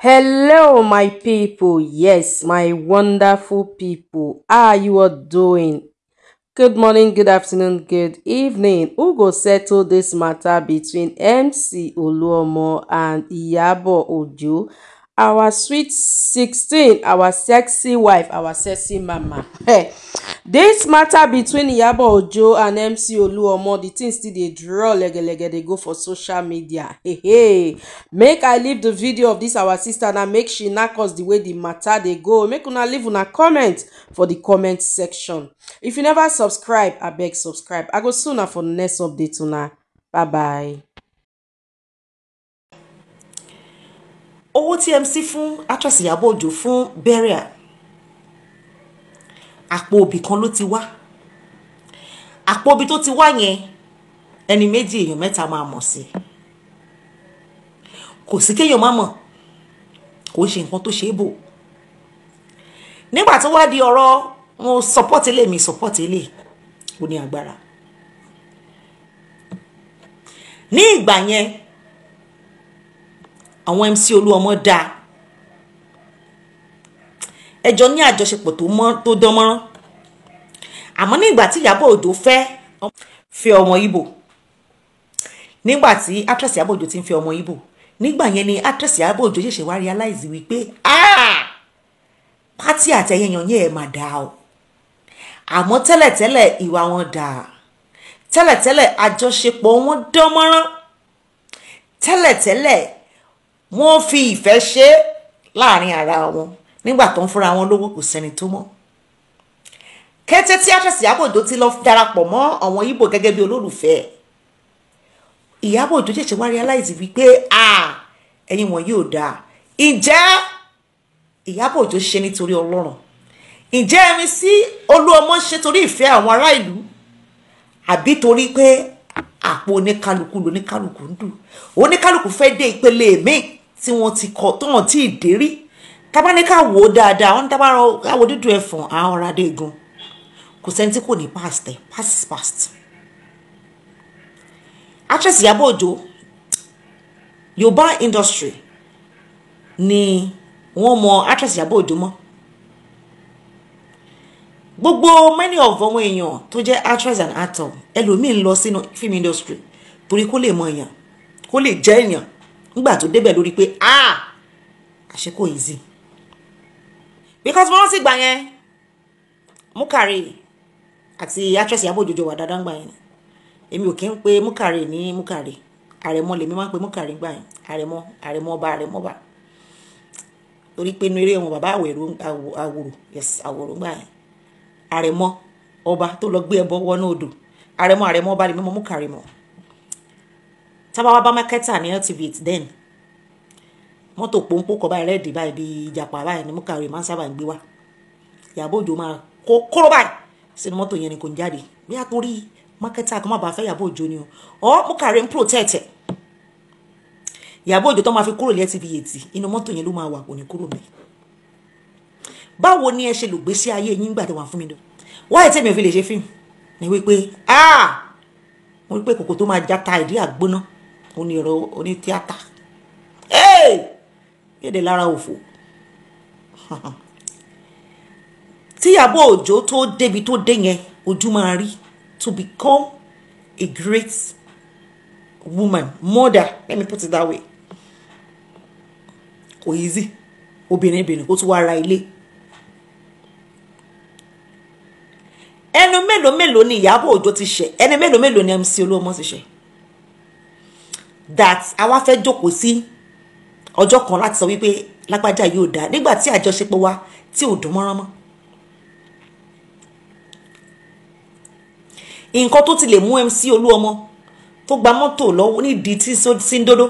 hello my people yes my wonderful people how you are doing good morning good afternoon good evening who go settle this matter between mc oluomo and iyabo ojo our sweet sixteen our sexy wife our sexy mama hey. dis matter between Yabo Ojo and MC Oluomo the thing still dey draw legelege dey go for social media hey, make i leave the video of this our sister na make she knack us the way the matter dey go make una leave una comment for the comment section if you never subscribe abeg subscribe i go see una for the next update una bye bye. owó tí mc fún actress Ìyábọ̀ Òjó fún burial àpò òbí kan ló ti wá àpò òbí tó ti wá yẹn ẹni méjì èèyàn mẹ́ta máa mọ̀ sí kò sí kéèyàn má mọ̀ kò ṣe nǹkan tó ṣe é bò nígbà tó wá di ọ̀rọ̀ mo support ilé mi support ilé ó ní agbára ní ìgbà yẹn àwọn MC Olúọmọ dáa ẹjọ ní àjọṣepọ̀ tó dán mọ́rán àmọ́ nígbà tí Ìyábọ̀ Òjó fẹ́ fẹ́ ọmọ Ìgbò nígbà tí actress Ìyábọ̀ Òjó ti ń fẹ́ ọmọ Ìgbò nígbà yẹn ni actress Ìyábọ̀ Òjó ṣẹ̀ṣẹ̀ wá realize wípé ah! pátì àtẹ̀yẹyàn yẹn ẹ̀ máa dáa o àmọ́ tẹ́lẹ̀tẹ́lẹ̀ ìwà wọn dáa tẹ́lẹ̀tẹ́lẹ̀ àjọṣepọ̀ wọn dán mọ́rán tẹ́lẹ̀tẹ́lẹ̀ wọ́n fi ìfẹ́ ṣe láàrin ara wọn nígbà tó ń fúnra wọn lówó kò sẹ́ni tó mọ̀ kété tí actress Ìyábọ̀ ti lọ darapọ̀ mọ́ àwọn Ìgbò gẹ́gẹ́ bí olólùfẹ́ Ìyábọ̀ ṣẹ̀ṣẹ̀ wá realize wípé ẹ̀yin wọn yóò dáa ǹjẹ́ Ìyábọ̀ ṣe nítorí Ọlọ́run ǹjẹ́ ẹni sí Olúọmọ ṣe torí ìfẹ́ àwọn ará àbí torí pé àpò oníkálukú lóníkálukú ń dù oníkálukú fẹ́ dé ìpele míì tí wọ́n ti kọ tó wọ́n tí ì dérí tábà ní ká wò ó dáadáa wọ́n ní tábà ká wò ó dúdú ẹ̀fọ̀n àwọn ọ̀rá dé gan kò sẹ́ni tí kò ní past ẹ̀ past is past. actress Ìyábọ̀ Òjó Yorùbá industry ni wọ́n mọ actress Ìyábọ̀ Òjó mọ́ gbogbo many of ọmọ èèyàn tó jẹ́ actress and actor ẹlòmíín lọ sínú film industry torí kó lè mọ èèyàn kó lè jẹ́ èèyàn nígbà tó débẹ̀ lórí pé ah àṣẹ kò easy because wọ́n sì gbà yẹn Mukari àti actress Ìyábọ̀ Òjó jọ wà dáadáa gbà yẹn èmi ò kí ń pe Mukari ní Mukari àrẹ̀mọ lèmi máa ń pe Mukari gbà yẹn àrẹ̀mọ àrẹ̀mọ ọba àrẹ̀mọ ọba torí pé inú eré wọn bàbá àwòrò àwòrò yes àwòrò gbà yẹn àrẹ̀mọ ọba tó lọ gbé ẹbọ wọnú odò àrẹ̀mọ àrẹ̀mọ ọba lèmi mọ Mukari mọ tábà ba bá mákẹ́tà ní then mọ́tò pòǹpò kọ́ báyìí rẹ́ẹ̀dì báyìí bíi ìjàpá báyìí ni Múkàrè máa ń sábà ń gbé wá Ìyábọ̀ Òjó máa kó kóró báyìí sínú mọ́tò yẹn ni kò ń jáde bí a torí mákẹ́tà kó má bàa fẹ́ Ìyábọ̀ Òjó ni o ọ́ Múkàrè ń protect ẹ̀ Ìyábọ̀ Òjó tó máa fi kúrò ní LTVET inú mọ́tò yẹn ló máa wà kò ní kúrò bẹ́ẹ̀ báwo ni ẹ ṣe lò gbé sí ayé yín gbàdé wà fún mi dùn wá ẹ̀ tẹ́mi ò fi lè ṣe fíìmù ni wípé ah mo rí pé kòkò tó máa ta ìdí àgbóná onírọ onítíátà kéde lára òfò tíyàbọ̀ òjò tó débi tó dé yẹn ojú máa rí to become a great woman mother let me put it that way kò easy obìnrin bìnrin kó tún wá ra ilé ẹnu mélòó mélòó ni ìyàbọ̀ òjò ti ṣe ẹni mélòó mélòó ni MC Olúọmọ ti ṣe that a wá fẹ́ jókòó sí ọjọ́ kan láti sọ wípé lágbájá yóò dáa nígbà tí àjọṣepọ̀ wa tí ò dùn mọ́rán mọ́. nǹkan tó ti lè mú MC Olúọmọ tó gba mọ́tò lọ́wọ́ nídìí tí síndódó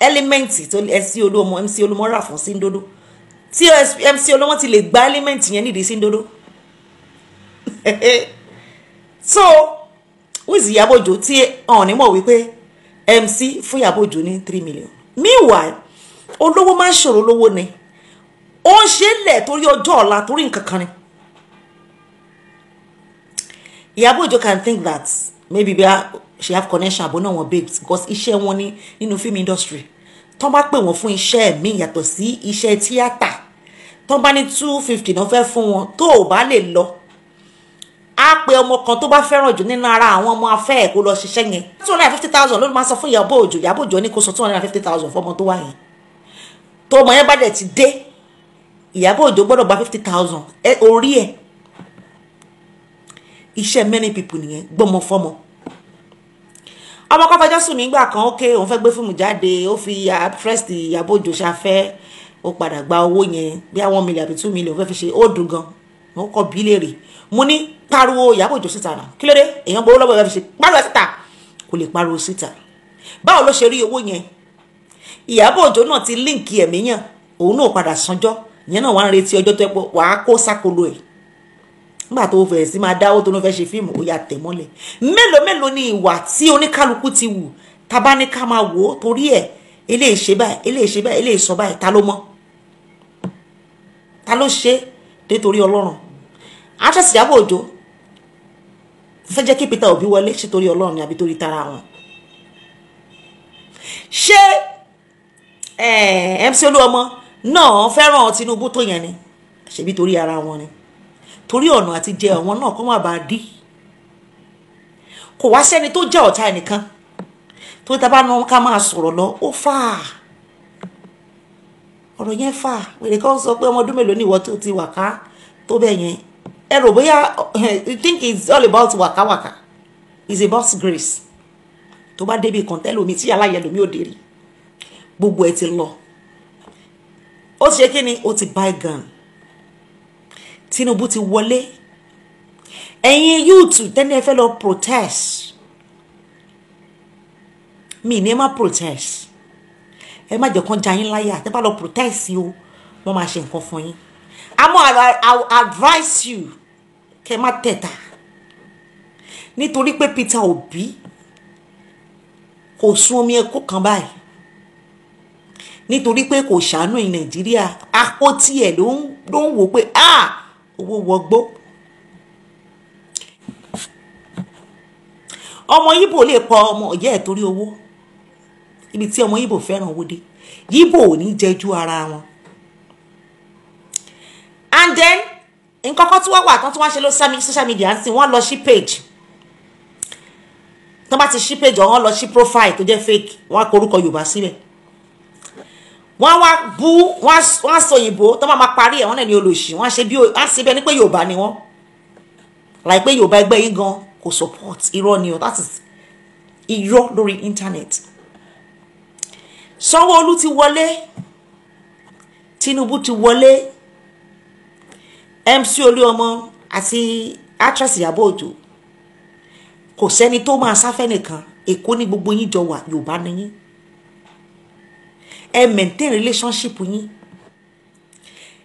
ẹ́límẹ́ǹtì tó MC Olúọmọ MC Olúọmọ rà fún síndódó tí MC Olúọmọ ti lè gba ẹ́límẹ́ǹtì yẹn nídìí síndódó. so wíìsì Ìyábọ̀ Òjó tí ọ̀nìmọ̀ wípé mc fún Ìyábọ̀ ní three million meanwhile olówó máa ń ṣòro lówó ni ó ń ṣe é lẹ̀ torí ọjọ́ ọ̀la torí nǹkan ni Ìyábọ̀ can think that maybe bia she have connection àbọ̀ náà wọn babes because iṣẹ́ wọn ní nínú film industry tọ́ bá pè wọ́n fún iṣẹ́ mi yàtọ̀ sí iṣẹ́ tíátà tọ́ bá ní two fifty náà fẹ́ fún wọn tó o bá lè lọ á pe ọmọ kan tó bá fẹ́ràn jù nínú ara àwọn ọmọ afẹ́ ẹ̀ kó lọ ṣiṣẹ́ yẹn two hundred and fifty thousand ló máa sọ fún Ìyábọ̀ Òjó Ìyábọ̀ Òjó ní kó sọ two hundred and fifty thousand fọmọ tó wà yẹn tó ọmọ yẹn bá dẹ̀ ti dé Ìyábọ̀ Òjó gbọ́dọ̀ gba fifty thousand orí ẹ̀ iṣẹ́ many people nìyẹn gbọ́mọ fọ́mọ ọmọ kan fẹjọ́ sùn nígbà kan ókè òun fẹ́ gbé fíìmù jáde ó fi first Ìyábọ̀ Òjó ṣafẹ́ ó padà gba owó yẹn bí i million àbí two million ó fẹ́ fi ṣe ó dùn gan-an mo kọ́ bí léèrè mo ní pariwo Ìyábọ̀ Òjó síta náà kí ló dé èèyàn gbowó lọ́wọ́ ìyá fi ṣe pariwo síta kò lè pariwo síta báwo ló ṣe rí owó yẹn Ìyábọ̀ Òjó náà ti líǹkì ẹ̀mí yàn òun náà padà sanjọ́ ìyẹn náà wàá retí ọjọ́ tó ẹ pọ̀ wàá kó sákòlò ẹ̀ nígbà tó fẹ̀rẹ̀ sí máa dáwó tó ló fẹ́ ṣe fíìmù ó yà tẹ̀ mọ́lẹ̀ mélòó mélòó ni ìwà tí oníkálukú ti wù tábá máa wò ó torí ẹ̀ eléyìí ṣe báyìí eléyìí ṣe báyìí eléyìí sọ báyìí ta ló mọ̀ ta ló ṣe nítorí ọlọ́run actress Ìyábọ̀ Òjó fẹ́ jẹ́ kí Peter Obi wọlé ṣe torí Ọlọ́run ni àbí torí tara wọn ṣé MC Olúọmọ náà fẹ́ràn Tinubu tó yẹn ni ṣebí torí ara wọn ni torí ọ̀nà àti jẹ àwọn náà kó má bàa dí kò wá sẹ́ni tó jẹ́ ọ̀tá ẹnìkan tó ta bá náà ká máa sọ̀rọ̀ lọ ó fà á ọ̀rọ̀ yẹn fà á wèrè kan sọ pé ọmọ ọdún mélòó ni ìwọ tó ti wà ká tó bẹ́ẹ̀ yẹn ẹ rò bóyá you think it's all about wàkàwàkà it's about grace tó bá débi kan tẹ́lómi tí aláyẹ lómi ò dérí gbogbo ẹ ti lọ ó ti ṣe kí ni ó ti buy gun Tinubu ti wọlé ẹ̀yin yúùtù tẹ́lẹ̀ fẹ́ lọ protest mi ní ẹ má protest ẹ má jẹ́ kán já yín láyà tẹ́ bá lọ protest yìí o wọ́n máa ṣe nǹkan fún yín àmọ́ I'll advise you kẹ́ má tẹ̀ta nítorí pé Peter Obi kò sun omi ẹkú kan báyìí nítorí pé kò ṣàánú ní Nàìjíríà àpò tiẹ̀ ló ń wò pé owó wọgbó. ọmọ Yíbò lè pa ọmọ ọ̀yẹ́ ẹ̀ torí owó ibi tí ọmọ Yíbò fẹ́ràn owó dé Yíbò ò ní jẹ́jú ara wọn and then nǹkan kan tí wọ́n wà tán tí wọ́n ṣe ló social media ń sìn wọ́n lọ sí page tán bá ti sí page ọ̀hún lọ sí profile tó jẹ́ fake wọ́n á korúkọ Yorùbá síbẹ̀ wọ́n wá bú wọ́n á sọ òyìnbó tán bá máa parí ẹ̀ wọ́n náà ní olóṣì wọ́n á ṣe bí wọ́n á ṣe bẹ́ẹ̀ ni pé Yorùbá ni wọ́n láìpẹ́ Yorùbá ẹgbẹ́ yín gan kò support irọ́ ni o that is irọ́ lórí internet Sanwó-Olú ti wọlé Tinubu ti wọlé MC Olúọmọ àti actress Ìyábọ̀ Òjó kò sẹ́ni tó máa sáfẹ́ nìkan Èkó ní gbogbo yín jọ wà Yorùbá ni yín ẹ maintain relationship yín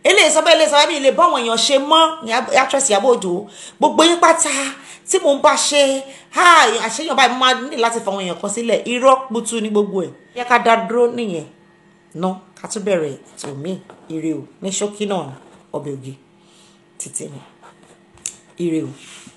eléyìí sọ bẹ́ẹ̀ eléyìí sọ bẹ́ẹ̀ mi lè bá àwọn èèyàn ṣe mọ́ ní actress Ìyábọ̀ Òjó gbogbo yín pátá tí mò ń bá ṣe àṣeyàn báyìí mo máa ní láti fọwọ́n èèyàn kan sílẹ̀ irọ́ putu ní gbogbo ẹ̀ yẹ ká dá dúró nìyẹn ná ká tún bẹ̀rẹ̀ tòmí ire o ní ṣókí náà ọbẹ̀ ògì. títí ire o.